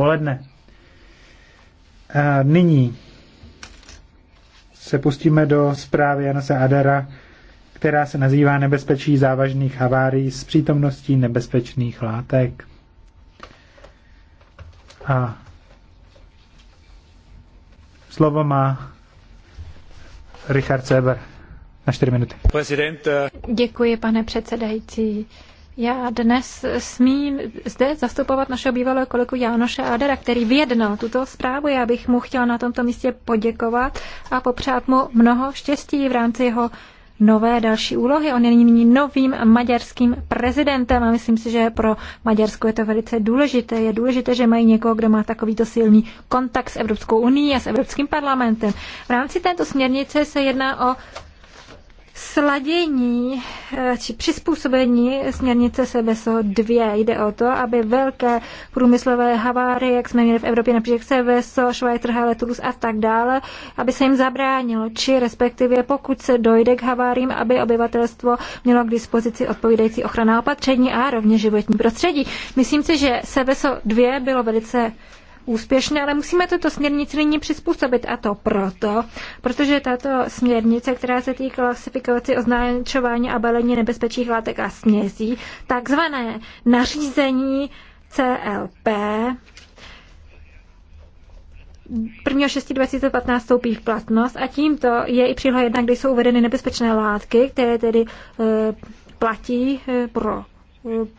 poledne. A nyní se pustíme do zprávy Janose Adara, která se nazývá Nebezpečí závažných havárií s přítomností nebezpečných látek. A slovo má Richard Seber na 4 minuty. Eh, Děkuji, pane předsedající. Já dnes smím zde zastupovat našeho bývalého kolegu Jánoše Adera, který vyjednal tuto zprávu. Já bych mu chtěla na tomto místě poděkovat a popřát mu mnoho štěstí v rámci jeho nové další úlohy. On je nyní novým maďarským prezidentem a myslím si, že pro Maďarsko je to velice důležité. Je důležité, že mají někoho, kdo má takovýto silný kontakt s Evropskou unii a s Evropským parlamentem. V rámci této směrnice se jedná o sladění eh, či přizpůsobení směrnice SBSO 2. Jde o to, aby velké průmyslové havárie, jak jsme měli v Evropě například SBSO, Schweiterhalle, Toulouse a tak dále, aby se jim zabránilo, či respektive pokud se dojde k haváriím, aby obyvatelstvo mělo k dispozici odpovídající ochrana opatření a rovně životní prostředí. Myslím si, že SBSO 2 bylo velice úspěšné, ale musíme toto směrnici nyní přizpůsobit a to proto, protože tato směrnice, která se týká klasifikaci označování a balení nebezpečných látek a směsí, takzvané nařízení CLP 1.6.2015 stoupí v platnost a tímto je i příloha jedna, kde jsou uvedeny nebezpečné látky, které tedy eh, platí eh, pro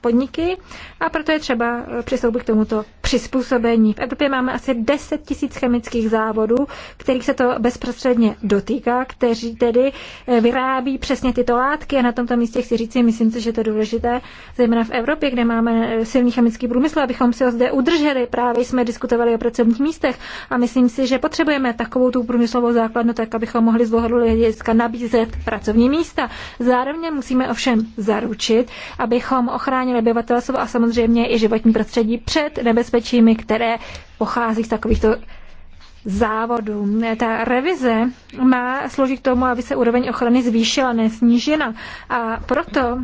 podniky a proto je třeba přistoupit k tomuto přizpůsobení. V Evropě máme asi 10 tisíc chemických závodů, kterých se to bezprostředně dotýká, kteří tedy eh, vyrábí přesně tyto látky a na tomto místě chci říct, myslím si, že to je důležité, zejména v Evropě, kde máme eh, silný chemický průmysl, abychom si ho zde udrželi. Právě jsme diskutovali o pracovních místech a myslím si, že potřebujeme takovou tu průmyslovou základnu, tak abychom mohli z dlouhodobého nabízet pracovní místa. Zároveň musíme ovšem zaručit, abychom ochránili obyvatelstvo a samozřejmě i životní prostředí před nebezpečími, které pochází z takovýchto závodu. Ta revize má sloužit k tomu, aby se úroveň ochrany zvýšila, nesnížila. A proto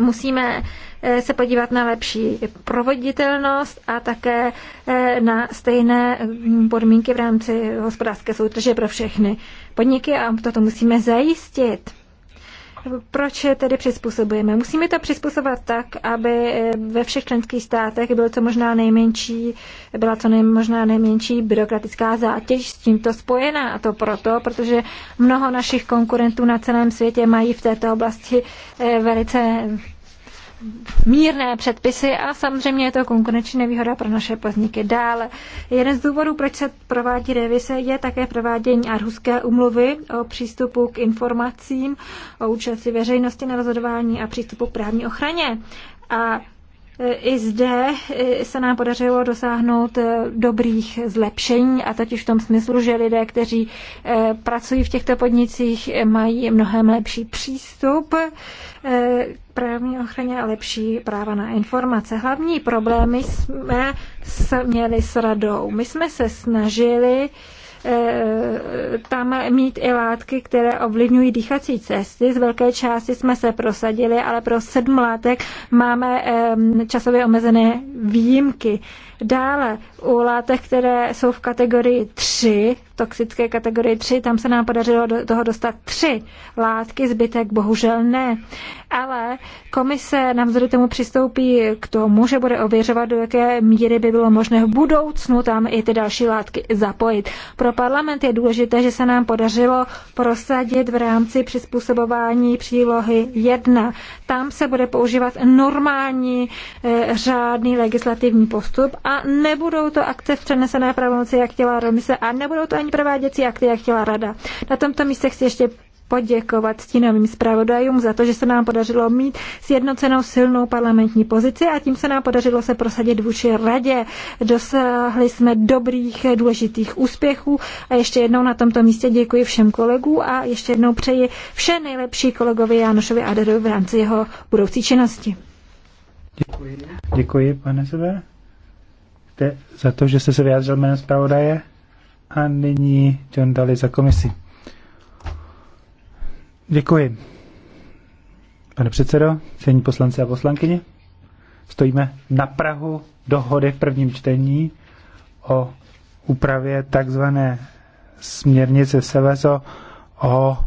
musíme eh, se podívat na lepší proveditelnost a také eh, na stejné mm, podmínky v rámci hospodářské soutěže pro všechny podniky a toto musíme zajistit. Proč tedy přizpůsobujeme? Musíme to přizpůsobovat tak, aby eh, ve všech členských státech bylo co možná nejmenší, byla co nej, možná nejmenší byrokratická zátěž s tímto spojená. A to proto, protože mnoho našich konkurentů na celém světě mají v této oblasti eh, velice mírné předpisy a samozřejmě je to konkurenční nevýhoda pro naše podniky. Dále, jeden z důvodů, proč se provádí revize, je také provádění Arhuské umluvy o přístupu k informacím, o účasti veřejnosti na rozhodování a přístupu k právní ochraně. A i zde e, se nám podařilo dosáhnout e, dobrých zlepšení a totiž v tom smyslu, že lidé, kteří e, pracují v těchto podnicích, mají mnohem lepší přístup k právní ochraně a lepší práva na informace. Hlavní problémy jsme měli s radou. My jsme se snažili Eh, tam mít i látky, které ovlivňují dýchací cesty. Z velké části jsme se prosadili, ale pro sedm látek máme eh, časově omezené výjimky. Dále u látek, které jsou v kategorii 3, v toxické kategorii 3, tam se nám podařilo do toho dostat tři látky, zbytek bohužel ne. Ale komise navzdory tomu přistoupí k tomu, že bude ověřovat, do jaké míry by bylo možné v budoucnu tam i ty další látky zapojit. Pro parlament je důležité, že se nám podařilo prosadit v rámci přizpůsobování přílohy 1 tam se bude používat normální eh, řádný legislativní postup a nebudou to akce v přenesené pravomoci, jak chtěla Romise a nebudou to ani prováděcí akty, jak chtěla Rada. Na tomto místě chci ještě poděkovat stínovým zpravodajům za to, že se nám podařilo mít sjednocenou silnou parlamentní pozici a tím se nám podařilo se prosadit vůči radě. Dosáhli jsme dobrých, důležitých úspěchů a ještě jednou na tomto místě děkuji všem kolegům a ještě jednou přeji vše nejlepší kolegovi Janošovi Aderovi v rámci jeho budoucí činnosti. Děkuji. Děkuji, pane Sebe, za to, že jste se vyjádřil jménem zpravodaje. A nyní John Daly za komisi. Děkuji. Pane předsedo, cení poslanci a poslankyně, stojíme na Prahu dohody v prvním čtení o úpravě takzvané směrnice Seveso o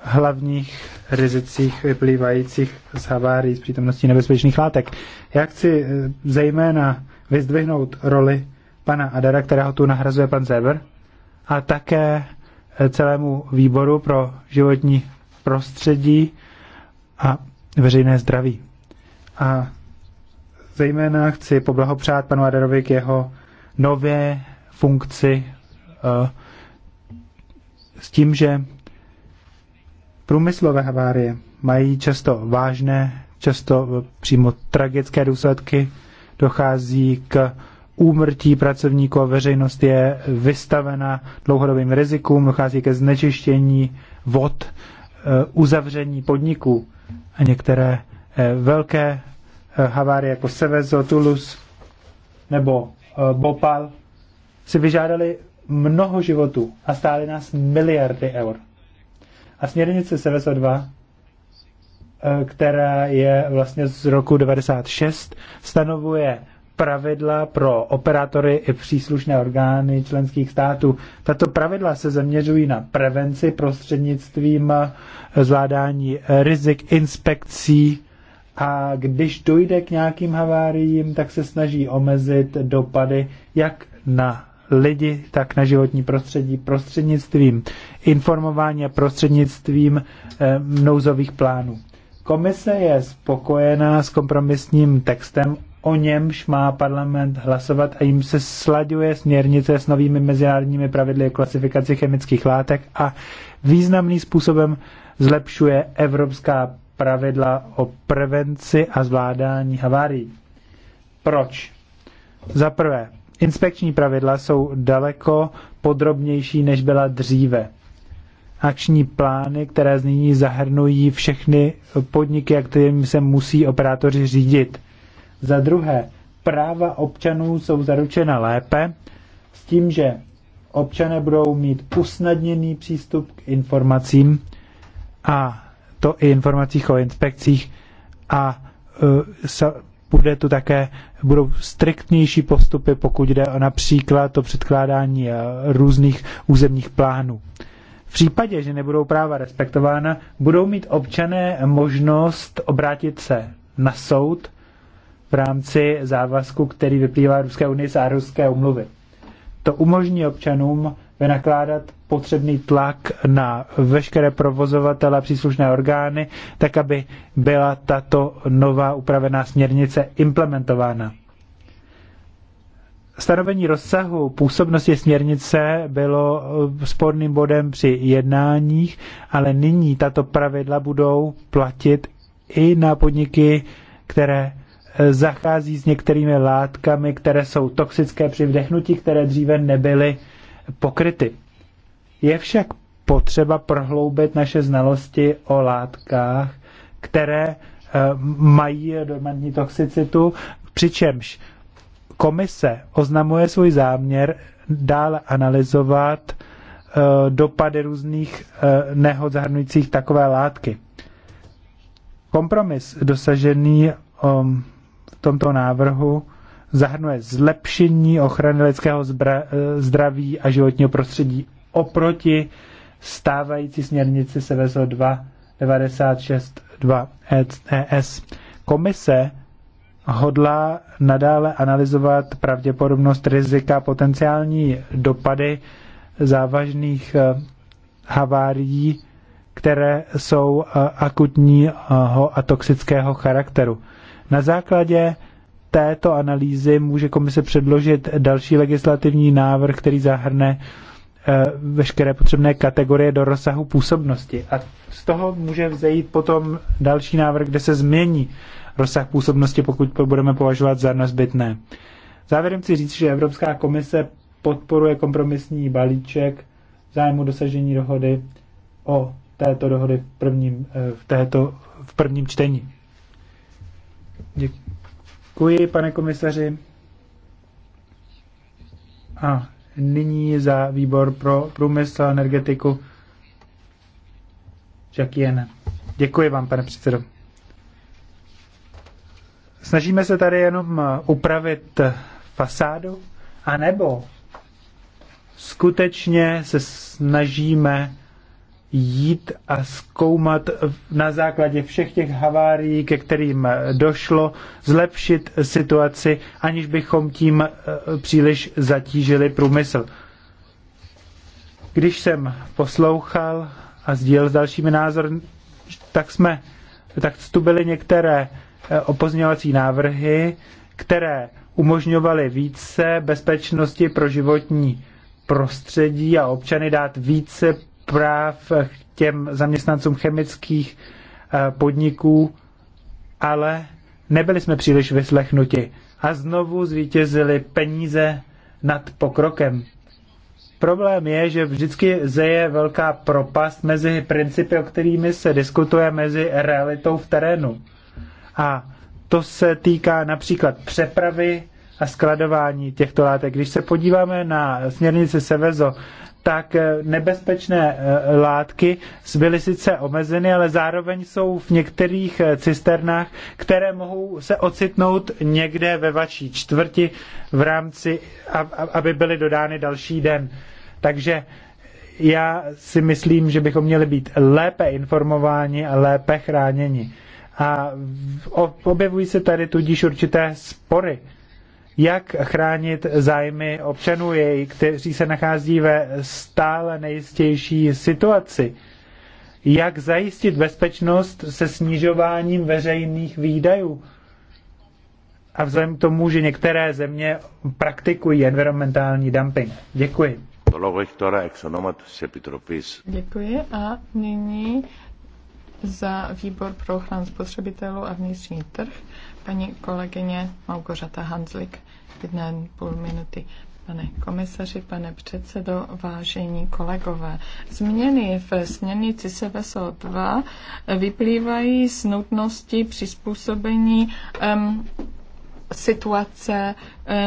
hlavních rizicích vyplývajících z havárií z přítomností nebezpečných látek. Já chci eh, zejména vyzdvihnout roli pana Adara, kterého tu nahrazuje pan Zever, a také eh, celému výboru pro životní prostředí a veřejné zdraví. A zejména chci poblahopřát panu Aderovi k jeho nové funkci eh, s tím, že průmyslové havárie mají často vážné, často přímo tragické důsledky, dochází k úmrtí pracovníků a veřejnost je vystavena dlouhodobým rizikům, dochází ke znečištění vod Eh, uzavření podniků a některé eh, velké eh, havárie jako Sevezo, Toulouse nebo Bhopal si vyžádali mnoho životů a stály nás miliardy eur. A směrnice Sevezo 2, která je vlastně z roku 96, stanovuje pravidla pro operátory i příslušné orgány členských států. Tato pravidla se zaměřují na prevenci prostřednictvím zvládání rizik inspekcí a když dojde k nějakým haváriím, tak se snaží omezit dopady jak na lidi, tak na životní prostředí prostřednictvím informování a prostřednictvím eh, nouzových plánů. Komise je spokojená s kompromisním textem o němž má parlament hlasovat a jim se slaďuje směrnice s novými mezinárodními pravidly o klasifikaci chemických látek a významným způsobem zlepšuje evropská pravidla o prevenci a zvládání havárií. Proč? Za prvé, inspekční pravidla jsou daleko podrobnější, než byla dříve. Akční plány, které z nyní zahrnují všechny podniky, a kterým se musí operátoři řídit. Za druhé, práva občanů jsou zaručena lépe, s tím, že občané budou mít usnadněný přístup k informacím, a to i informacích o inspekcích, a uh, bude tu také, budou striktnější postupy, pokud jde o například to předkládání e, různých územních plánů. V případě, že nebudou práva respektována, budou mít občané možnost obrátit se na soud v rámci závazku, který vyplývá Ruské unie z Aarhuské umluvy. To umožní občanům vynakládat potřebný tlak na veškeré provozovatele a příslušné orgány, tak aby byla tato nová upravená směrnice implementována. Stanovení rozsahu působnosti směrnice bylo eh, sporným bodem při jednáních, ale nyní tato pravidla budou platit i na podniky, které zachází s některými látkami, které jsou toxické při vdechnutí, které dříve nebyly pokryty. Je však potřeba prohloubit naše znalosti o látkách, které eh, mají dormantní toxicitu, přičemž komise oznamuje svůj záměr dále analyzovat eh, dopady různých eh, nehod zahrnujících takové látky. Kompromis dosažený tomto návrhu zahrnuje zlepšení ochrany lidského eh, zdraví a životního prostředí oproti stávající směrnici SEVESO 2 ES. E Komise hodlá nadále analyzovat pravděpodobnost rizika potenciální dopady závažných eh, havárií, které jsou eh, akutního a toxického charakteru. Na základě této analýzy může komise předložit další legislativní návrh, který zahrne eh, veškeré potřebné kategorie do rozsahu působnosti. A z toho může vzejít potom další návrh, kde se změní rozsah působnosti, pokud to budeme považovat za nezbytné. Závěrem chci říct, že Evropská komise podporuje kompromisní balíček zájmu dosažení dohody o této dohody v prvním, eh, v této, v prvním čtení. Děkuji, pane komisaři. A nyní za výbor pro průmysl a energetiku Jack Jen. Děkuji vám, pane předsedo. Snažíme se tady jenom eh, upravit fasádu, anebo skutečně se snažíme jít a zkoumat na základě všech těch havárií, ke kterým došlo, zlepšit situaci, aniž bychom tím eh, příliš zatížili průmysl. Když jsem poslouchal a sdílel s dalšími názor, tak jsme, tak tu byly některé eh, opozňovací návrhy, které umožňovaly více bezpečnosti pro životní prostředí a občany dát více práv těm zaměstnancům chemických eh, podniků, ale nebyli jsme příliš vyslechnuti. A znovu zvítězili peníze nad pokrokem. Problém je, že vždycky zeje velká propast mezi principy, o kterými se diskutuje, mezi realitou v terénu. A to se týká například přepravy a skladování těchto látek. Když se podíváme na směrnici Sevezo, tak eh, nebezpečné eh, látky byly sice omezeny, ale zároveň jsou v některých eh, cisternách, které mohou se ocitnout někde ve vaší čtvrti v rámci, aby byly dodány další den. Takže já si myslím, že bychom měli být lépe informováni a lépe chráněni. A objevují se tady tudíž určité spory jak chránit zájmy občanů, její, kteří se nachází ve stále nejistější situaci, jak zajistit bezpečnost se snižováním veřejných výdajů. A vzhledem k tomu, že některé země praktikují environmentální dumping. Děkuji. Děkuji a nyní za výbor pro ochranu spotřebitelů a vnitřní trh Paní kolegyně Maugořata Hanzlik, jedné půl minuty. Pane komisaři, pane předsedo, vážení kolegové, změny v směrnici SVSO 2 vyplývají z nutnosti přizpůsobení um, situace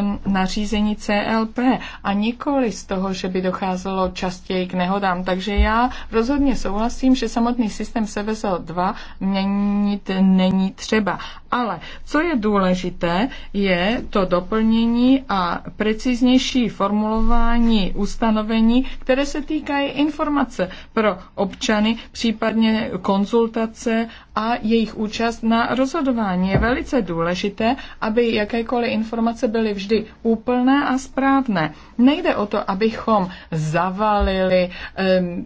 um, nařízení CLP a nikoli z toho, že by docházelo častěji k nehodám. Takže já rozhodně souhlasím, že samotný systém SVSO 2 měnit není třeba. Ale co je důležité, je to doplnění a preciznější formulování ustanovení, které se týkají informace pro občany, případně konzultace a jejich účast na rozhodování. Je velice důležité, aby jakékoliv informace byly vždy úplné a správné. Nejde o to, abychom zavalili um,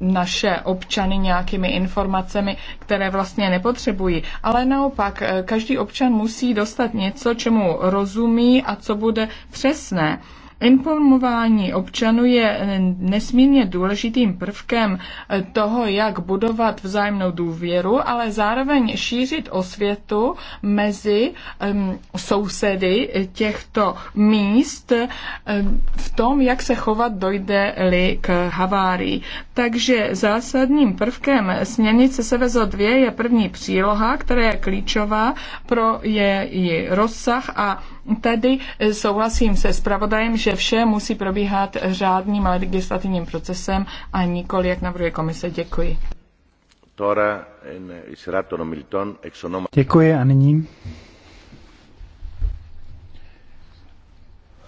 naše občany nějakými informacemi, které vlastně nepotřebují. Ale naopak, eh, každý občan musí dostat něco, čemu rozumí a co bude přesné Informování občanů je eh, nesmírně důležitým prvkem eh, toho, jak budovat vzájemnou důvěru, ale zároveň šířit osvětu mezi um, sousedy eh, těchto míst um, v tom, jak se chovat dojde-li k havárii. Takže zásadním prvkem směrnice Sevezo 2 je první příloha, která je klíčová pro její rozsah a Tedy eh, souhlasím se zpravodajem, že vše musí probíhat řádným legislativním procesem a nikoli, jak navrhuje komise. Děkuji. No Děkuji a nyní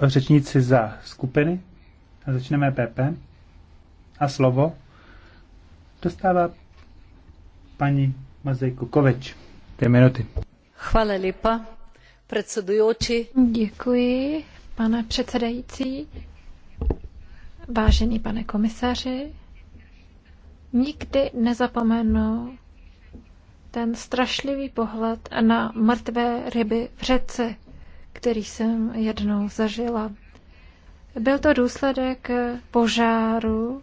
řečníci za skupiny. A začneme PP. A slovo dostává paní Mazej Kukovič. Dvě minuty. Chvala lipa predsedujoči. Děkuji, pane předsedající. Vážený pane komisaři, nikdy nezapomenu ten strašlivý pohled na mrtvé ryby v řece, který jsem jednou zažila. Byl to důsledek požáru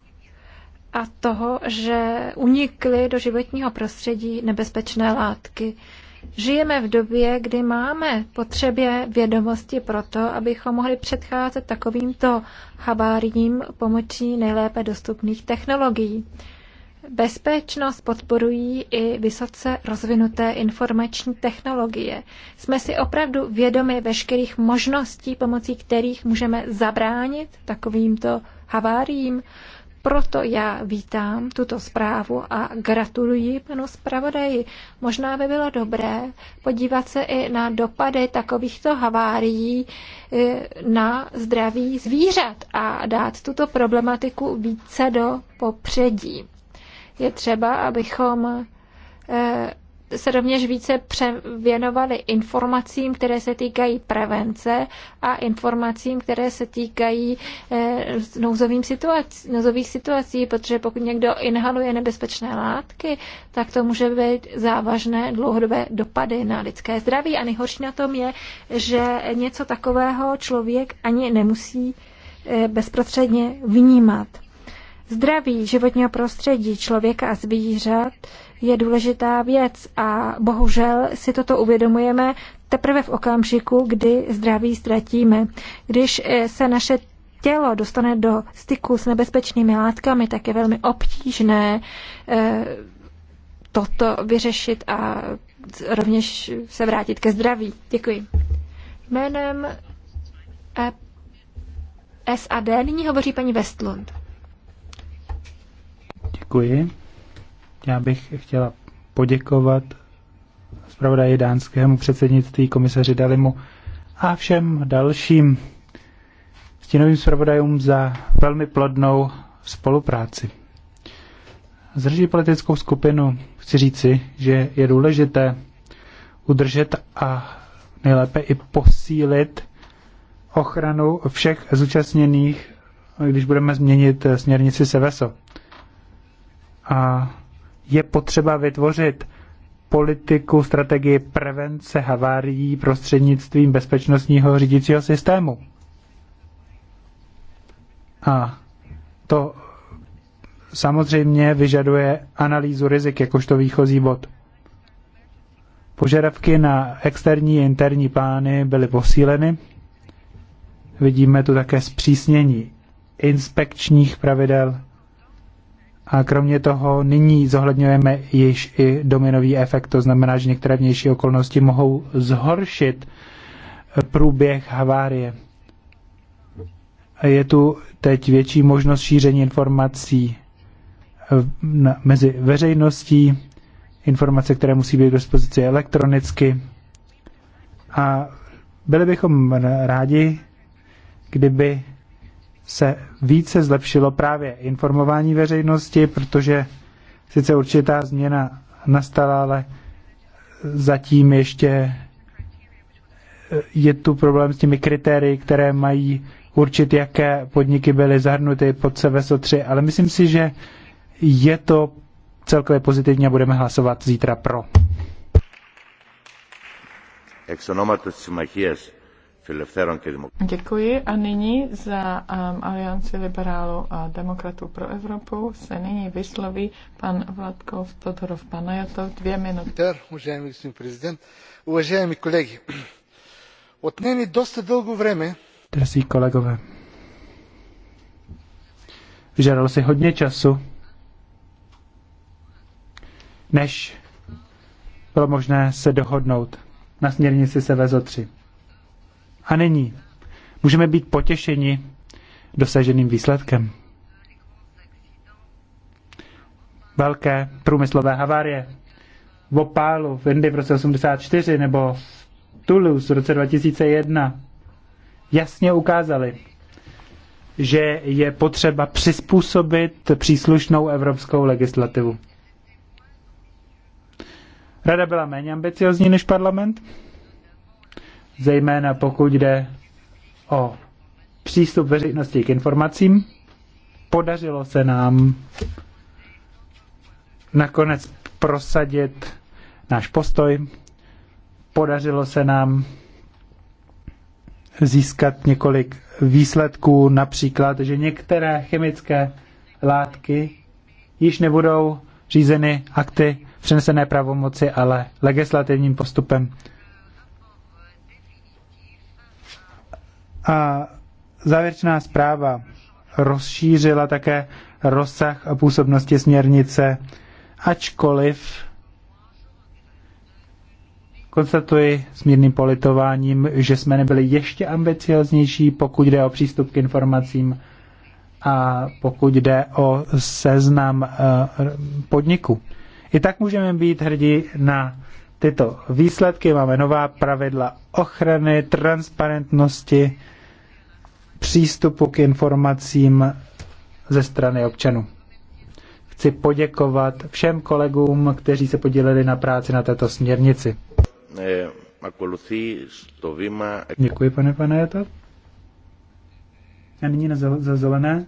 a toho, že unikly do životního prostředí nebezpečné látky. Žijeme v době, kdy máme potřebě vědomosti proto, abychom mohli předcházet takovýmto haváriím pomocí nejlépe dostupných technologií. Bezpečnost podporují i vysoce rozvinuté informační technologie. Jsme si opravdu vědomi veškerých možností, pomocí kterých můžeme zabránit takovýmto haváriím. Proto já vítám tuto zprávu a gratuluji panu zpravodaji. Možná by bylo dobré podívat se i na dopady takovýchto havárií e, na zdraví zvířat a dát tuto problematiku více do popředí. Je třeba, abychom e, se rovněž více převěnovali informacím, které se týkají prevence a informacím, které se týkají eh, nouzovým situací, nouzových situací, protože pokud někdo inhaluje nebezpečné látky, tak to může být závažné dlouhodobé dopady na lidské zdraví. A nejhorší na tom je, že něco takového člověk ani nemusí eh, bezprostředně vnímat. Zdraví životního prostředí člověka a zvířat je důležitá věc a bohužel si toto uvědomujeme teprve v okamžiku, kdy zdraví ztratíme. Když eh, se naše tělo dostane do styku s nebezpečnými látkami, tak je velmi obtížné eh, toto vyřešit a rovněž se vrátit ke zdraví. Děkuji. Jménem e- SAD nyní hovoří paní Westlund. Děkuji. Já bych chtěla poděkovat zpravodaji dánskému předsednictví komisaři Dalimu a všem dalším stínovým zpravodajům za velmi plodnou spolupráci. Zdrží politickou skupinu chci říci, že je důležité udržet a nejlépe i posílit ochranu všech zúčastněných, když budeme změnit směrnici Seveso. A je potřeba vytvořit politiku, strategii prevence havárií prostřednictvím bezpečnostního řídícího systému. A to samozřejmě vyžaduje analýzu rizik jakožto výchozí bod. Požadavky na externí a interní plány byly posíleny. Vidíme tu také zpřísnění inspekčních pravidel a kromě toho nyní zohledňujeme již i dominový efekt, to znamená, že některé vnější okolnosti mohou zhoršit eh, průběh havárie. Je tu teď větší možnost šíření informací eh, mezi veřejností, informace, které musí být k dispozici elektronicky. A byli bychom rádi, kdyby se více zlepšilo právě informování veřejnosti, protože sice určitá změna nastala, ale zatím ještě eh, je tu problém s těmi kritérii, které mají určit, jaké podniky byly zahrnuty pod CVSO 3, ale myslím si, že je to celkově pozitivní a budeme hlasovat zítra pro. Εξ ονόματος της Συμμαχίας Děkuji a nyní za um, Alianci liberálů a demokratů pro Evropu se nyní vysloví pan Vladkov Todorov Panajatov dvě minuty. Уважаемый prezident. президент, kolegy, od отнеме доста дълго време. Drazí kolegové, vyžadal si hodně času, než bylo možné se dohodnout na směrnici Sevezo 3 a není. Můžeme být potěšeni dosaženým výsledkem. Velké průmyslové havárie v Opálu v Indy v roce 84 nebo v Toulouse v roce 2001 jasně ukázali, že je potřeba přizpůsobit příslušnou evropskou legislativu. Rada byla méně ambiciozní než parlament, zejména pokud jde o přístup veřejnosti k informacím. Podařilo se nám nakonec prosadit náš postoj. Podařilo se nám získat několik výsledků, například, že některé chemické látky již nebudou řízeny akty přenesené pravomoci, ale legislativním postupem. A závěrečná zpráva rozšířila také rozsah a působnosti směrnice, ačkoliv konstatuji s mírným politováním, že jsme nebyli ještě ambicioznější, pokud jde o přístup k informacím a pokud jde o seznam eh, podniku. I tak můžeme být hrdí na tyto výsledky, máme nová pravidla ochrany, transparentnosti, přístupu k informacím ze strany občanů. Chci poděkovat všem kolegům, kteří se podíleli na práci na této směrnici. Děkuji, pane Panajeta. A nyní na zelené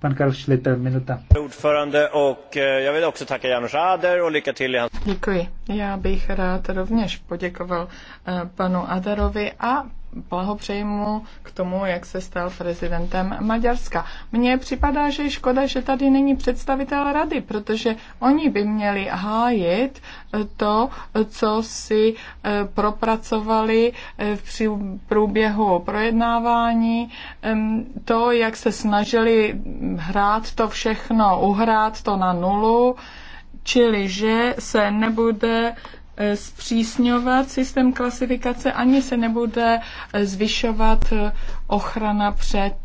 Pan Karl Schlitter, minuta. Ordförande och eh, jag vill också tacka Jan Rader och lycka till i hans... Děkuji. Já bych rád rovněž poděkoval eh, panu Adarovi a blahopřeji mu k tomu, jak se stal prezidentem Maďarska. Mně připadá, že je škoda, že tady není představitel rady, protože oni by měli hájit eh, to, co si eh, propracovali v průběhu projednávání, to, jak se snažili hrát to všechno, uhrát to na nulu, čili že se nebude eh, zpřísňovat systém klasifikace, ani se nebude eh, zvyšovat eh, ochrana před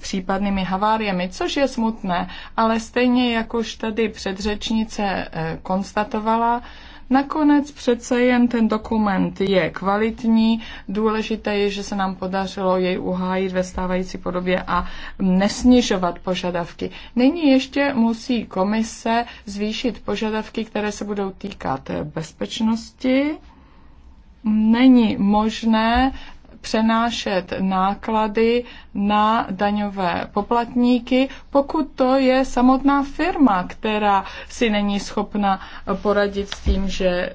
případnými haváriemi, což je smutné, ale stejně jak už tady předřečnice konstatovala, Nakonec přece jen ten dokument je kvalitní. Důležité je, že se nám podařilo jej uhájit ve stávající podobě a nesnižovat požadavky. Nyní ještě musí komise zvýšit požadavky, které se budou týkat bezpečnosti. Není možné přenášet náklady na daňové poplatníky, pokud to je samotná firma, která si není schopna poradit s tím, že e,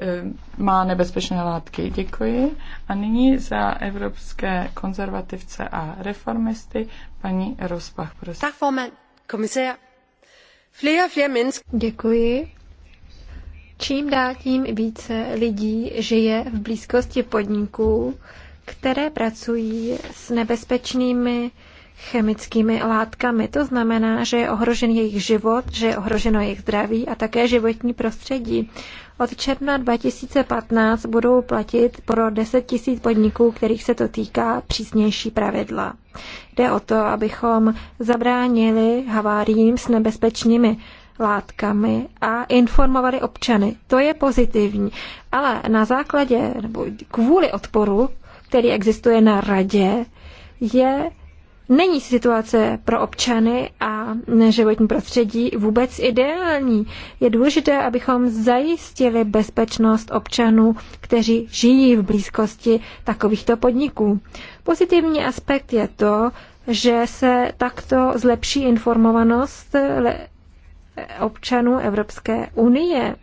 má nebezpečné látky. Děkuji. A nyní za evropské konzervativce a reformisty paní Rozpach, prosím. Tak, formen, komisér. Flere, flere Děkuji. Čím dál tím více lidí žije v blízkosti podniků, které pracují s nebezpečnými chemickými látkami. To znamená, že je ohrožen jejich život, že je ohroženo jejich zdraví a také životní prostředí. Od června 2015 budou platit pro 10 000 podniků, kterých se to týká, přísnější pravidla. Jde o to, abychom zabránili haváriím s nebezpečnými látkami a informovali občany. To je pozitivní, ale na základě nebo kvůli odporu který existuje na radě, je Není situace pro občany a životní prostředí vůbec ideální. Je důležité, abychom zajistili bezpečnost občanů, kteří žijí v blízkosti takovýchto podniků. Pozitivní aspekt je to, že se takto zlepší informovanost občanů Evropské unie.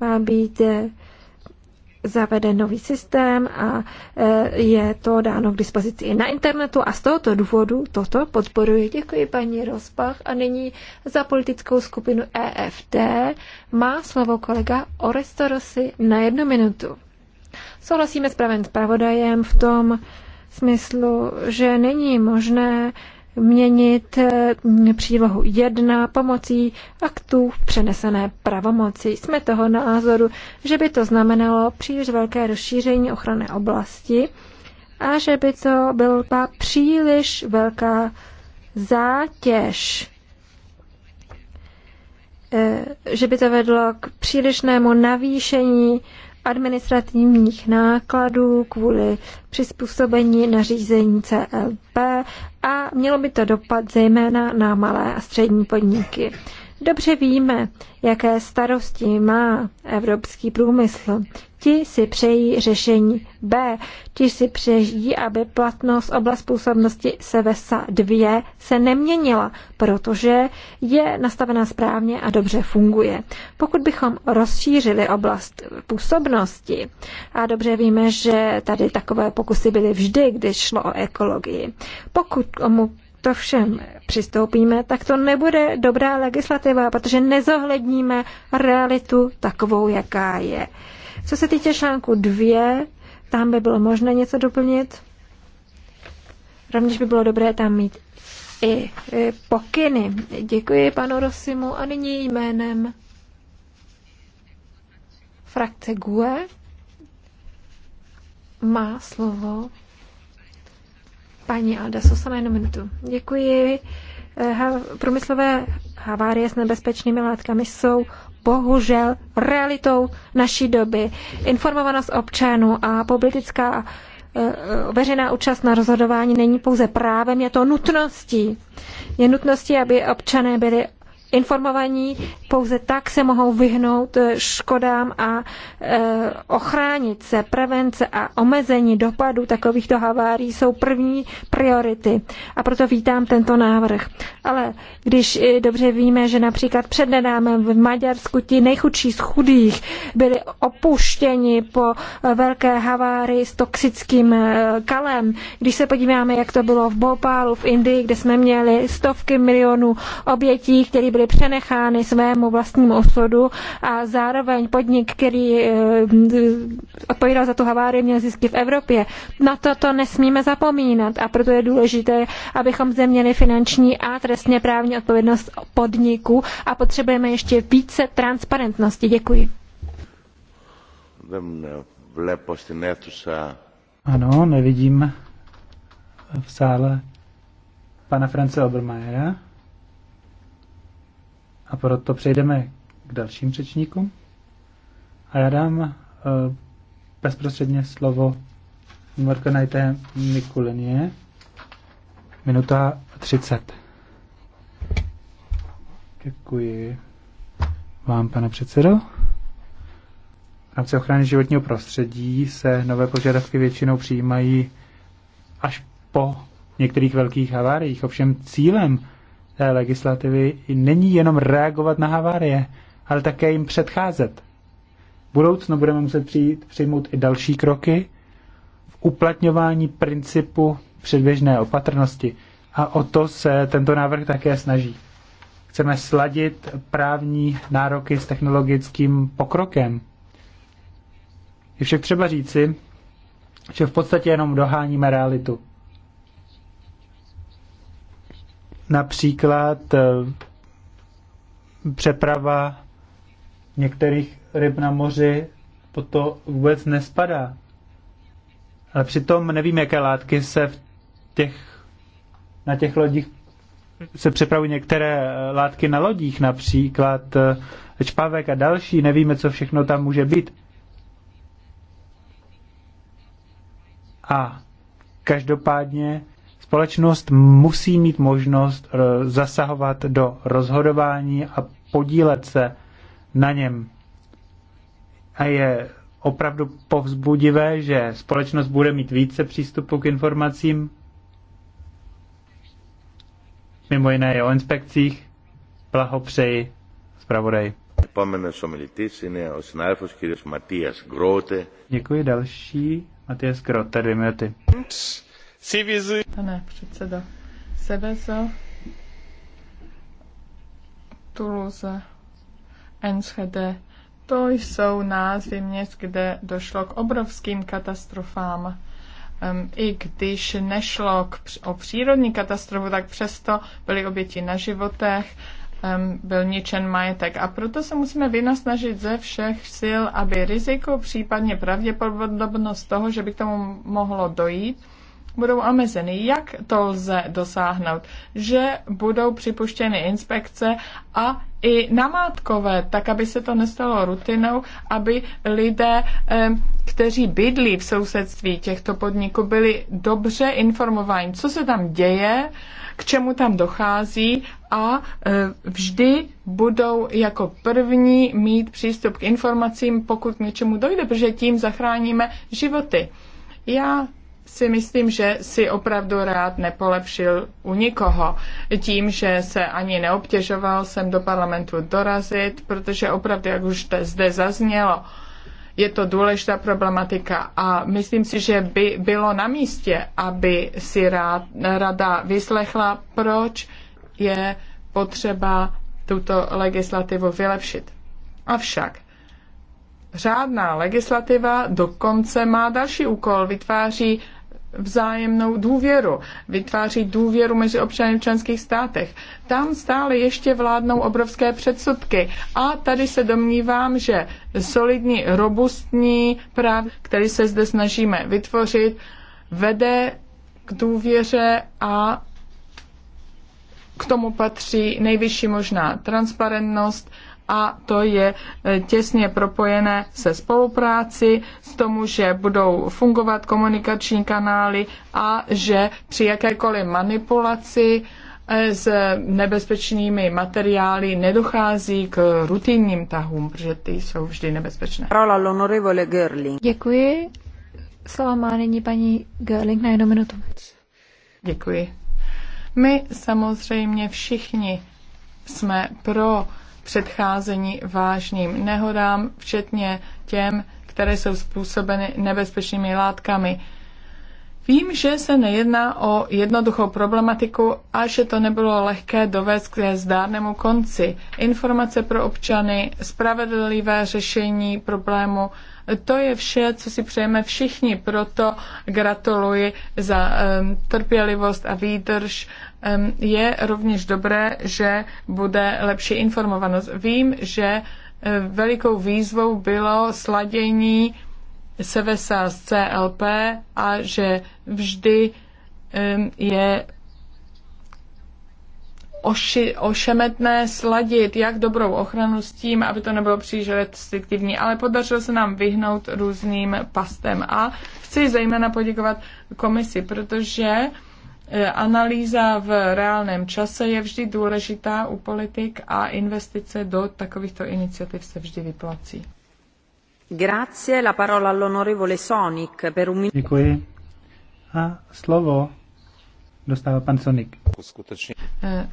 Má být zaveden nový systém a e, je to dáno k dispozici i na internetu a z tohoto důvodu toto podporuji. Děkuji paní Rozpach a nyní za politickou skupinu EFD má slovo kolega Orestorosi na jednu minutu. Souhlasíme s pravým zpravodajem v tom smyslu, že není možné měnit eh, přílohu 1 pomocí aktů v přenesené pravomoci. Jsme toho názoru, že by to znamenalo příliš velké rozšíření ochranné oblasti a že by to byla příliš velká zátěž eh, že by to vedlo k přílišnému navýšení administrativních nákladů kvůli přizpůsobení nařízení CLP a mělo by to dopad zejména na malé a střední podniky. Dobře víme, jaké starosti má evropský průmysl. Ti si přejí řešení B. Ti si přejí, aby platnost oblast působnosti SEVESA 2 se neměnila, protože je nastavená správně a dobře funguje. Pokud bychom rozšířili oblast působnosti, a dobře víme, že tady takové pokusy byly vždy, když šlo o ekologii, pokud tomu to všem přistoupíme, tak to nebude dobrá legislativa, protože nezohledníme realitu takovou, jaká je. Co se týče článku 2, tam by bylo možné něco doplnit. Rovněž by bylo dobré tam mít i pokyny. Děkuji panu Rosimu a nyní jménem frakce GUE má slovo paní Alda Sosa na jednu minutu. Děkuji. Eh, průmyslové havárie s nebezpečnými látkami jsou bohužel realitou naší doby. Informovanost občanů a politická eh, eh, veřejná účast na rozhodování není pouze právem, je to nutností. Je nutností, aby občané byli informovaní, pouze tak se mohou vyhnout eh, škodám a eh, ochránit se. Prevence a omezení dopadů takovýchto havárií jsou první priority a proto vítám tento návrh. Ale když eh, dobře víme, že například před v Maďarsku ti nejchudší z chudých byli opuštěni po velké havárii s toxickým kalem, když se podíváme, jak to bylo v Bhopálu v Indii, kde jsme měli stovky milionů obětí, které byly byly přenechány svému vlastnímu osudu a zároveň podnik, který eh, odpovídal za tu havárii, měl zisky v Evropě. Na toto nesmíme zapomínat a proto je důležité, abychom zde měli finanční a trestně právní odpovědnost podniku a potřebujeme ještě více transparentnosti. Děkuji. Ano, nevidím v sále pana France Obermajera. A proto přejdeme k dalším řečníkům. A já dám uh, bezprostředně slovo Markonajte Mikulinie. Minuta 30. Děkuji vám, pane předsedo. V rámci ochrany životního prostředí se nové požadavky většinou přijímají až po některých velkých haváriích. Ovšem cílem té legislativy není jenom reagovat na havárie, ale také jim předcházet. V budoucnu budeme muset přijít, přijmout i další kroky v uplatňování principu předběžné opatrnosti. A o to se tento návrh také snaží. Chceme sladit právní nároky s technologickým pokrokem. Je však třeba říci, že v podstatě jenom doháníme realitu. Například eh, přeprava některých ryb na moři po to vůbec nespadá. Ale přitom nevím, jaké látky se v těch, na těch lodích se přepravují některé eh, látky na lodích, například čpavek eh, a další, nevíme, co všechno tam může být. A každopádně Společnost musí mít možnost eh, zasahovat do rozhodování a podílet se na něm. A je opravdu povzbudivé, že společnost bude mít více přístupu k informacím, mimo jiné je o inspekcích. Blahopřeji zpravodaj. Děkuji další. Matias Grote, dvě minuty civilizují. Pane předsedo, Sevezo, Toulouse, Enschede, to jsou názvy měst, kde došlo k obrovským katastrofám. I když nešlo k, o přírodní katastrofu, tak přesto byly oběti na životech um, byl ničen majetek. A proto se musíme vynasnažit ze všech sil, aby riziko, případně pravděpodobnost toho, že by k tomu mohlo dojít, budou omezeny. Jak to lze dosáhnout? Že budou připuštěny inspekce a i namátkové, tak aby se to nestalo rutinou, aby lidé, kteří bydlí v sousedství těchto podniků, byli dobře informováni, co se tam děje, k čemu tam dochází a e, vždy budou jako první mít přístup k informacím, pokud k něčemu dojde, protože tím zachráníme životy. Já si myslím, že si opravdu rád nepolepšil u nikoho. Tím, že se ani neobtěžoval sem do parlamentu dorazit, protože opravdu, jak už zde zaznělo, je to důležitá problematika a myslím si, že by bylo na místě, aby si rád, rada vyslechla, proč je potřeba tuto legislativu vylepšit. Avšak řádná legislativa dokonce má další úkol, vytváří vzájemnou důvěru, vytváří důvěru mezi občany v členských státech. Tam stále ještě vládnou obrovské předsudky a tady se domnívám, že solidní, robustní práv, který se zde snažíme vytvořit, vede k důvěře a k tomu patří nejvyšší možná transparentnost, a to je e, těsně propojené se spolupráci, s tomu, že budou fungovat komunikační kanály a že při jakékoliv manipulaci e, s nebezpečnými materiály nedochází k rutinním tahům, protože ty jsou vždy nebezpečné. Děkuji. Slovo má nyní paní Görling na jednu minutu. Děkuji. My samozřejmě všichni jsme pro předcházení vážným nehodám, včetně těm, které jsou způsobeny nebezpečnými látkami. Vím, že se nejedná o jednoduchou problematiku a že to nebylo lehké dovést k zdárnému konci. Informace pro občany, spravedlivé řešení problému, to je vše, co si přejeme všichni. Proto gratuluji za um, trpělivost a výdrž. Um, je rovněž dobré, že bude lepší informovanost. Vím, že um, velikou výzvou bylo sladění Sevesa z CLP a že vždy je oši, ošemetné sladit jak dobrou ochranu s tím, aby to nebylo příliš restriktivní, ale podařilo se nám vyhnout různým pastem. A chci zejména poděkovat komisi, protože e, analýza v reálném čase je vždy důležitá u politik a investice do takovýchto iniciativ se vždy vyplací. Eh,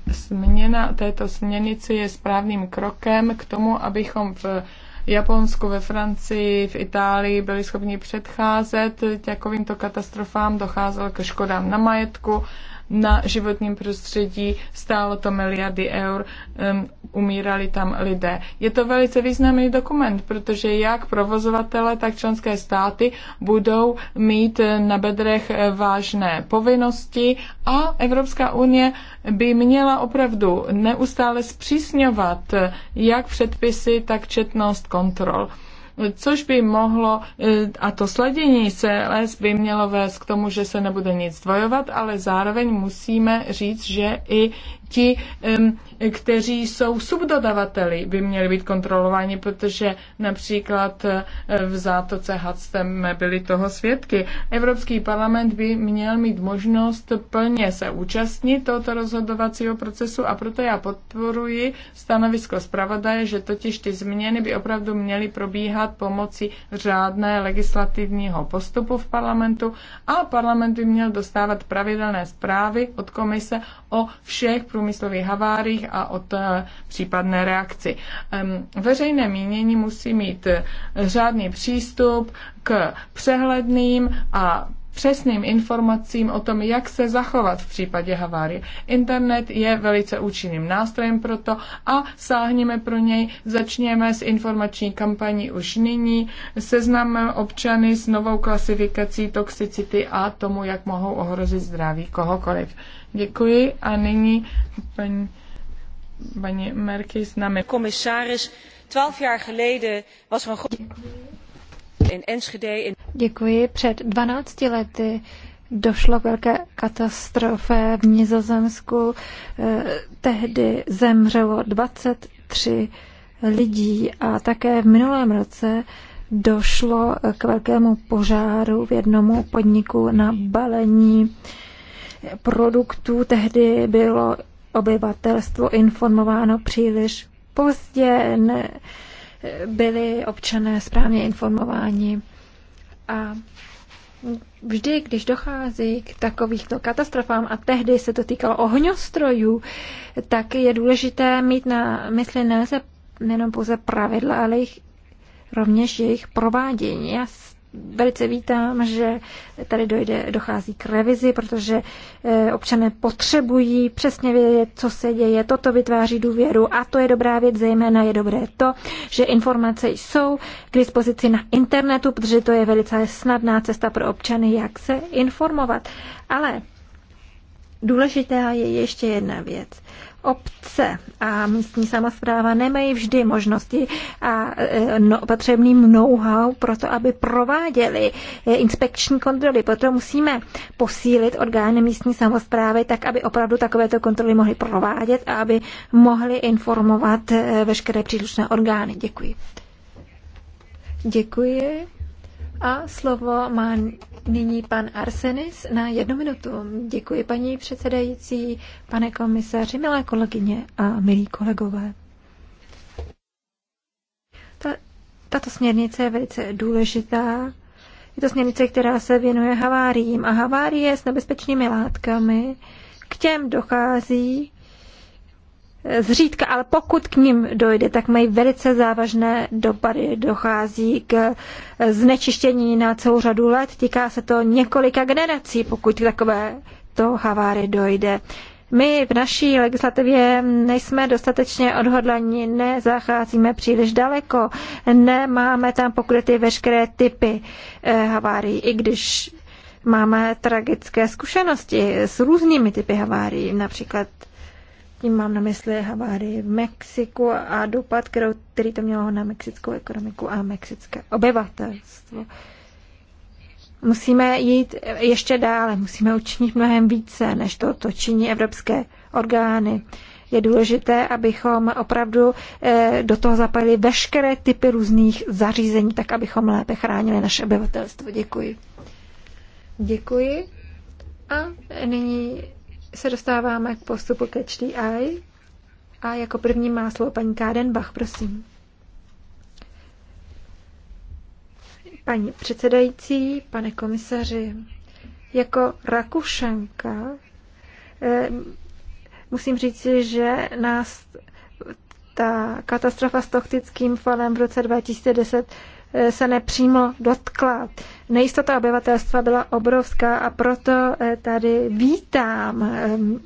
změna této směrnice je správným krokem k tomu, abychom v Japonsku, ve Francii, v Itálii byli schopni předcházet takovýmto katastrofám, docházelo ke škodám na majetku, na životním prostředí, stálo to miliardy eur umírali tam lidé. Je to velice významný dokument, protože jak provozovatele, tak členské státy budou mít na bedrech vážné povinnosti a Evropská unie by měla opravdu neustále zpřísňovat jak předpisy, tak četnost kontrol což by mohlo, eh, a to sladění CLS e by mělo vést k tomu, že se nebude nic zdvojovat, ale zároveň musíme říct, že i ti, kteří jsou subdodavateli, by měli být kontrolováni, protože například eh, v zátoce Hadstem byli toho svědky. Evropský parlament by měl mít možnost plně se účastnit tohoto rozhodovacího procesu a proto já podporuji stanovisko zpravodaje, že totiž ty změny by opravdu měly probíhat pomocí řádné legislativního postupu v parlamentu a parlament by měl dostávat pravidelné zprávy od komise o všech průmyslových haváriích a o případné reakci. Veřejné mínění musí mít řádný přístup k přehledným a přesným informacím o tom, jak se zachovat v případě havárie. Internet je velice účinným nástrojem pro to a sáhneme pro něj, začněme s informační kampaní už nyní, seznamem občany s novou klasifikací toxicity a tomu, jak mohou ohrozit zdraví kohokoliv. Děkuji a nyní paní, paní Merkis na Commissaris, 12 jaar geleden was er een... Děkuji. Před 12 lety došlo k velké katastrofe v Nizozemsku. Eh, tehdy zemřelo 23 lidí a také v minulém roce došlo k velkému požáru v jednomu podniku na balení produktů. Tehdy bylo obyvatelstvo informováno příliš pozdě. Ne, byli občané správně informováni. A vždy, když dochází k takovýchto katastrofám, a tehdy se to týkalo ohňostrojů, tak je důležité mít na mysli nejenom pouze pravidla, ale jich, rovněž jejich provádění. Já velice vítám, že tady dojde, dochází k revizi, protože eh, občané potřebují přesně vědět, co se děje. Toto vytváří důvěru a to je dobrá věc, zejména je dobré to, že informace jsou k dispozici na internetu, protože to je velice snadná cesta pro občany, jak se informovat. Ale důležitá je ještě jedna věc. Obce a místní samozpráva nemají vždy možnosti a e, no, potřebný know-how pro to, aby prováděli e, inspekční kontroly. Proto musíme posílit orgány místní samozprávy tak, aby opravdu takovéto kontroly mohly provádět a aby mohly informovat e, veškeré příslušné orgány. Děkuji. Děkuji. A slovo má Nyní pan Arsenis na jednu minutu. Děkuji paní předsedající, pane komisaři, milé kolegyně a milí kolegové. Ta, tato směrnice je velice důležitá. Je to směrnice, která se věnuje haváriím a havárie s nebezpečnými látkami. K těm dochází zřídka, ale pokud k ním dojde, tak mají velice závažné dopady. Dochází k znečištění na celou řadu let, týká se to několika generací, pokud k takové to haváry dojde. My v naší legislativě nejsme dostatečně odhodlaní, nezacházíme příliš daleko, nemáme tam pokryty veškeré typy eh, havárií, i když máme tragické zkušenosti s různými typy havárií, například tím mám na mysli havárii v Mexiku a dopad, kterou, který to mělo na mexickou ekonomiku a mexické obyvatelstvo. Musíme jít ještě dále, musíme učinit mnohem více, než to, to činí evropské orgány. Je důležité, abychom opravdu eh, do toho zapojili veškeré typy různých zařízení, tak abychom lépe chránili naše obyvatelstvo. Děkuji. Děkuji. A nyní se dostáváme k postupu ke HDI a jako první má slovo paní Kádenbach, prosím. Paní předsedající, pane komisaři, jako eh, musím říci, že nás ta katastrofa s toxickým falem v roce 2010 se nepřímo dotkla. Nejistota obyvatelstva byla obrovská a proto eh, tady vítám ehm,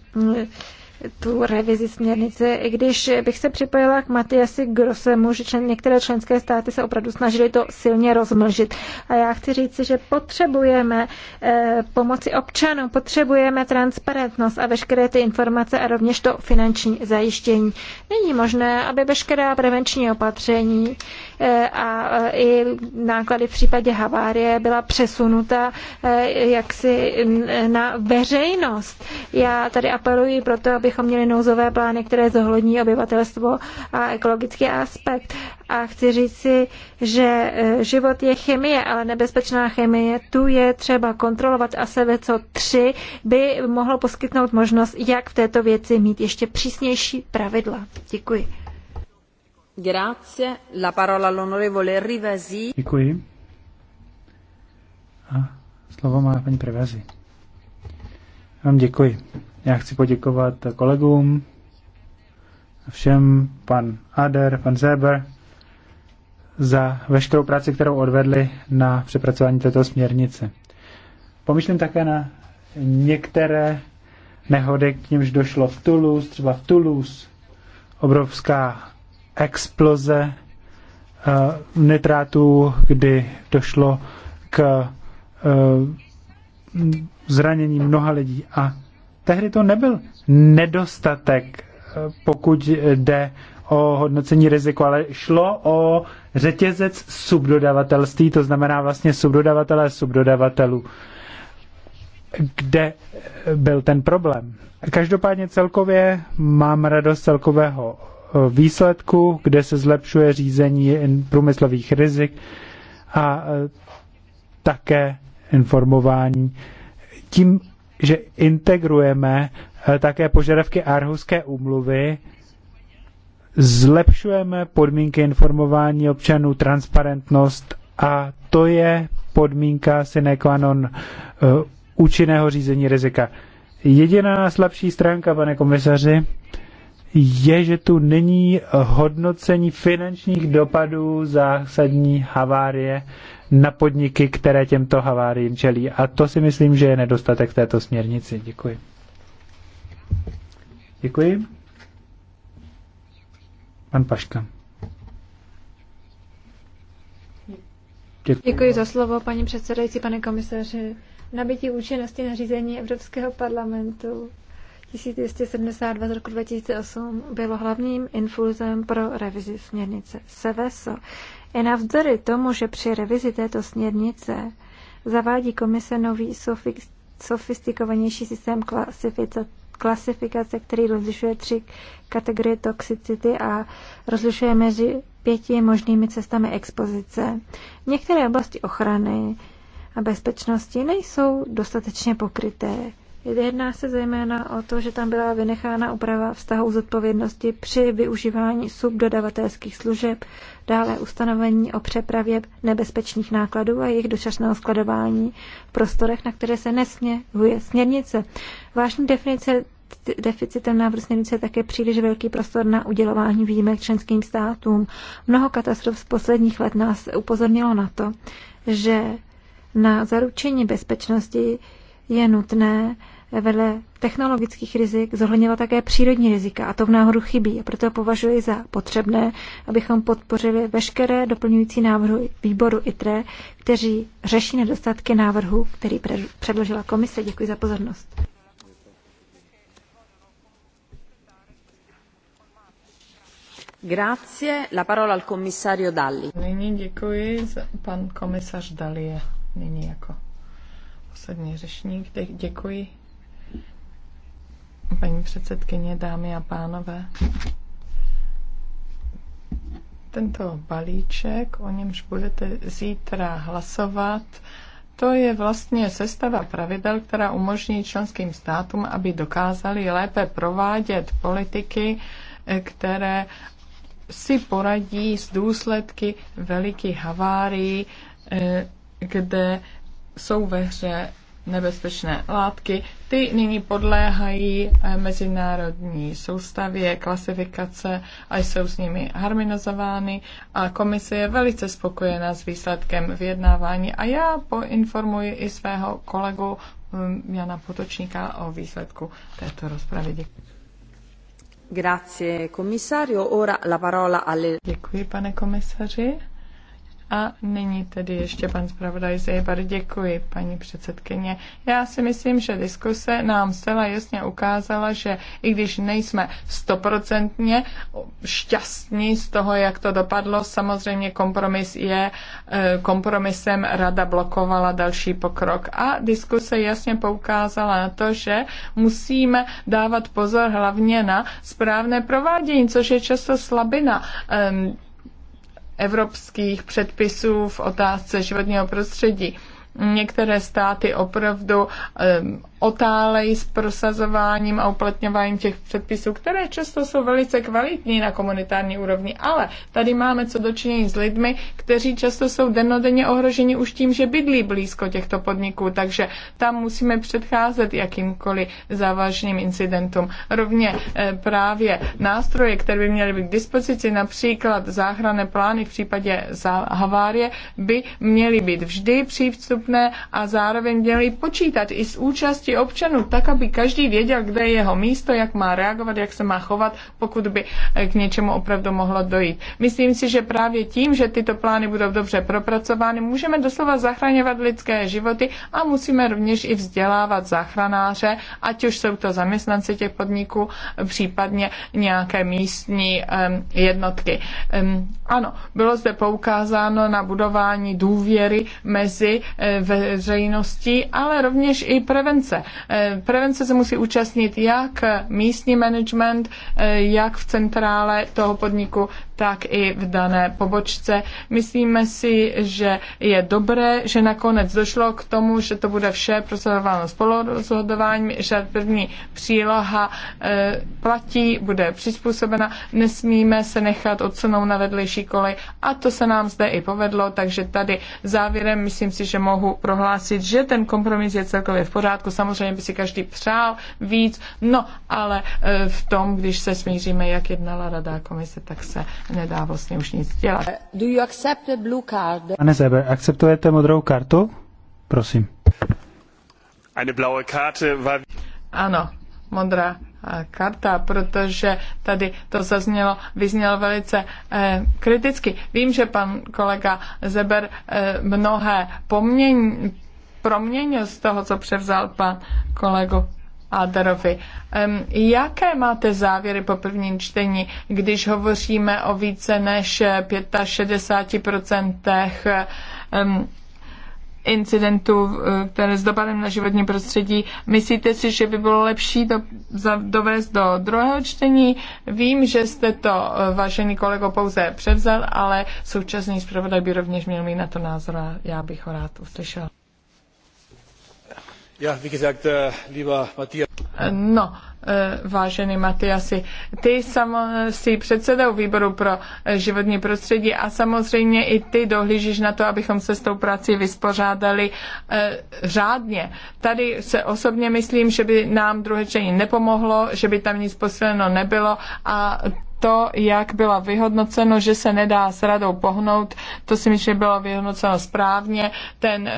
tu revizi směrnice, i když bych se připojila k Matiasi Grosemu, že člen, některé členské státy se opravdu snažily to silně rozmlžit. A já chci říct, že potřebujeme eh, pomoci občanům, potřebujeme transparentnost a veškeré ty informace a rovněž to finanční zajištění. Není možné, aby veškerá prevenční opatření Eh, a eh, i náklady v případě havárie byla přesunuta eh, jaksi na veřejnost. Já tady apeluji proto, abychom měli nouzové plány, které zohlední obyvatelstvo a ekologický aspekt. A chci říci, že život je chemie, ale nebezpečná chemie tu je třeba kontrolovat a SVCO tři by mohlo poskytnout možnost, jak v této věci mít ještě přísnější pravidla. Děkuji. Děkuji. A slovo má paní Privasi. Vám děkuji. Já chci poděkovat kolegům, všem, pan Ader, pan Zeber, za veškerou práci, kterou odvedli na přepracování této směrnice. Pomyšlím také na některé nehody, k nímž došlo v Toulouse, třeba v Toulouse, obrovská exploze eh, nitrátů, kdy došlo k eh, zranění mnoha lidí. A tehdy to nebyl nedostatek, eh, pokud jde o hodnocení riziku, ale šlo o řetězec subdodavatelství, to znamená vlastně subdodavatelé subdodavatelů, kde byl ten problém. Každopádně celkově mám radost celkového výsledku, kde se zlepšuje řízení průmyslových rizik a e, také informování. Tím, že integrujeme e, také požadavky Arhuské úmluvy, zlepšujeme podmínky informování občanů, transparentnost a to je podmínka sine qua non e, účinného řízení rizika. Jediná slabší stránka, pane komisaři, je, že tu není hodnocení finančních dopadů zásadní havárie na podniky, které těmto haváriím čelí. A to si myslím, že je nedostatek této směrnici. Děkuji. Děkuji. Pan Paška. Děkuji. Děkuji za slovo, paní předsedající, pane komisaři. Nabití účinnosti nařízení Evropského parlamentu 1272 z roku 2008 bylo hlavním infuzem pro revizi směrnice SEVESO. I navzdory tomu, že při revizi této směrnice zavádí komise nový sofistikovanější systém klasifikace, který rozlišuje tři kategorie toxicity a rozlišuje mezi pěti možnými cestami expozice. Některé oblasti ochrany a bezpečnosti nejsou dostatečně pokryté. Jedná se zejména o to, že tam byla vynechána úprava vztahu zodpovědnosti při využívání subdodavatelských služeb, dále ustanovení o přepravě nebezpečných nákladů a jejich dočasného skladování v prostorech, na které se nesměhuje směrnice. Vážný definice deficitem návrh směrnice také příliš velký prostor na udělování výjimek členským státům. Mnoho katastrof z posledních let nás upozornilo na to, že na zaručení bezpečnosti je nutné vedle technologických rizik zohledňovat také přírodní rizika a to v náhodu chybí. A proto považuji za potřebné, abychom podpořili veškeré doplňující návrhy výboru ITRE, kteří řeší nedostatky návrhu, který předložila komise. Děkuji za pozornost. Grazie. La parola al commissario Dalli. Nyní děkuji. Pan komisař Dalli je nyní jako poslední řešník. Děkuji. Paní předsedkyně, dámy a pánové, tento balíček, o němž budete zítra hlasovat, to je vlastně sestava pravidel, která umožní členským státům, aby dokázali lépe provádět politiky, eh, které si poradí s důsledky velikých havárií, eh, kde jsou ve hře nebezpečné látky. Ty nyní podléhají eh, mezinárodní soustavě klasifikace a jsou s nimi harmonizovány a komise je velice spokojená s výsledkem vyjednávání a já poinformuji i svého kolegu mm, Jana Potočníka o výsledku této rozpravy. Děkuji. Grazie, Commissario. Ora la parola alle... Děkuji, pane komisaři. A nyní tedy ještě pan zpravodaj Zejbar. Děkuji, paní předsedkyně. Já si myslím, že diskuse nám zcela jasně ukázala, že i když nejsme stoprocentně šťastní z toho, jak to dopadlo, samozřejmě kompromis je e, kompromisem rada blokovala další pokrok. A diskuse jasně poukázala na to, že musíme dávat pozor hlavně na správné provádění, což je často slabina evropských předpisů v otázce životního prostředí. Některé státy opravdu otálej s prosazováním a uplatňováním těch předpisů, které často jsou velice kvalitní na komunitární úrovni, ale tady máme co dočinění s lidmi, kteří často jsou dennodenně ohroženi už tím, že bydlí blízko těchto podniků, takže tam musíme předcházet jakýmkoliv závažným incidentům. Rovně eh, právě nástroje, které by měly být k dispozici, například záchranné plány v případě havárie, by měly být vždy přístupné a zároveň měly počítat i s účastí občanů, tak aby každý věděl, kde je jeho místo, jak má reagovat, jak se má chovat, pokud by eh, k něčemu opravdu mohlo dojít. Myslím si, že právě tím, že tyto plány budou dobře propracovány, můžeme doslova zachraňovat lidské životy a musíme rovněž i vzdělávat záchranáře, ať už jsou to zaměstnanci těch podniků, případně nějaké místní um, jednotky. Um, ano, bylo zde poukázáno na budování důvěry mezi eh, veřejností, ale rovněž i prevence. Eh, prevence. se musí účastnit jak místní management, eh, jak v centrále toho podniku, tak i v dané pobočce. Myslíme si, že je dobré, že nakonec došlo k tomu, že to bude vše prosazováno spolurozhodováním, že první příloha eh, platí, bude přizpůsobena, nesmíme se nechat odsunout na vedlejší kolej a to se nám zde i povedlo, takže tady závěrem myslím si, že mohu prohlásit, že ten kompromis je celkově v pořádku. Samozřejmě samozřejmě by si každý přál víc, no ale e, v tom, když se smíříme, jak jednala rada komise, tak se nedá vlastně už nic dělat. Do you accept the blue card? Pane Zeber, akceptujete modrou kartu? Prosím. Eine blaue Karte war... Ano, modrá e, karta, protože tady to zaznělo, vyznělo velice eh, kriticky. Vím, že pan kolega Zeber eh, mnohé poměň, proměnil z toho, co převzal pan kolego Aderovi. Um, jaké máte závěry po prvním čtení, když hovoříme o více než 65% um, incidentů, které s dopadem na životní prostředí. Myslíte si, že by bylo lepší to dovést do druhého čtení? Vím, že jste to, eh, vážený kolego, pouze převzal, ale současný zpravodaj by rovněž měl mít na to názor a já bych ho rád uslyšel. Äh, no, Eh, vážený Matyasi. Ty samo, jsi předsedou výboru pro eh, životní prostředí a samozřejmě i ty dohlížíš na to, abychom se s tou prací vyspořádali eh, řádně. Tady se osobně myslím, že by nám druhé čtení nepomohlo, že by tam nic posíleno nebylo a to, jak bylo vyhodnoceno, že se nedá s radou pohnout, to si myslím, že bylo vyhodnoceno správně. Ten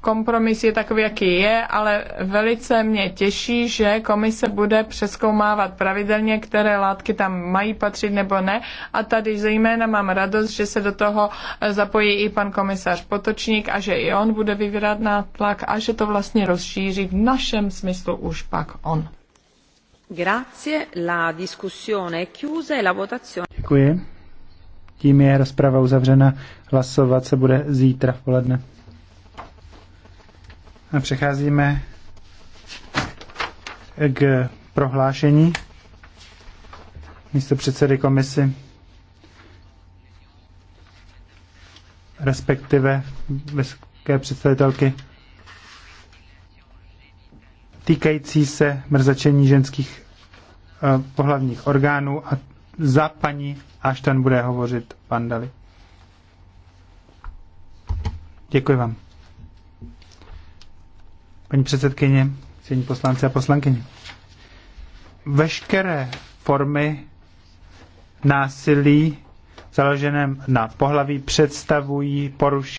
kompromis je takový, jaký je, ale velice mě těší, že komise bude přeskoumávat pravidelně, které látky tam mají patřit nebo ne. A tady zejména mám radost, že se do toho eh, zapojí i pan komisař Potočník a že i on bude vyvírat nátlak a že to vlastně rozšíří v našem smyslu už pak on. Grazie, la discussione e la votazione. Děkuji. Tím je rozprava uzavřena. Hlasovat se bude zítra v poledne. A přecházíme k prohlášení místo předsedy komisy, respektive vysoké představitelky týkající se mrzačení ženských eh, pohlavních orgánů a za paní až ten bude hovořit pan Dali. Děkuji vám. Paní předsedkyně, cení poslanci a poslankyně. Veškeré formy násilí založeném na pohlaví představují porušení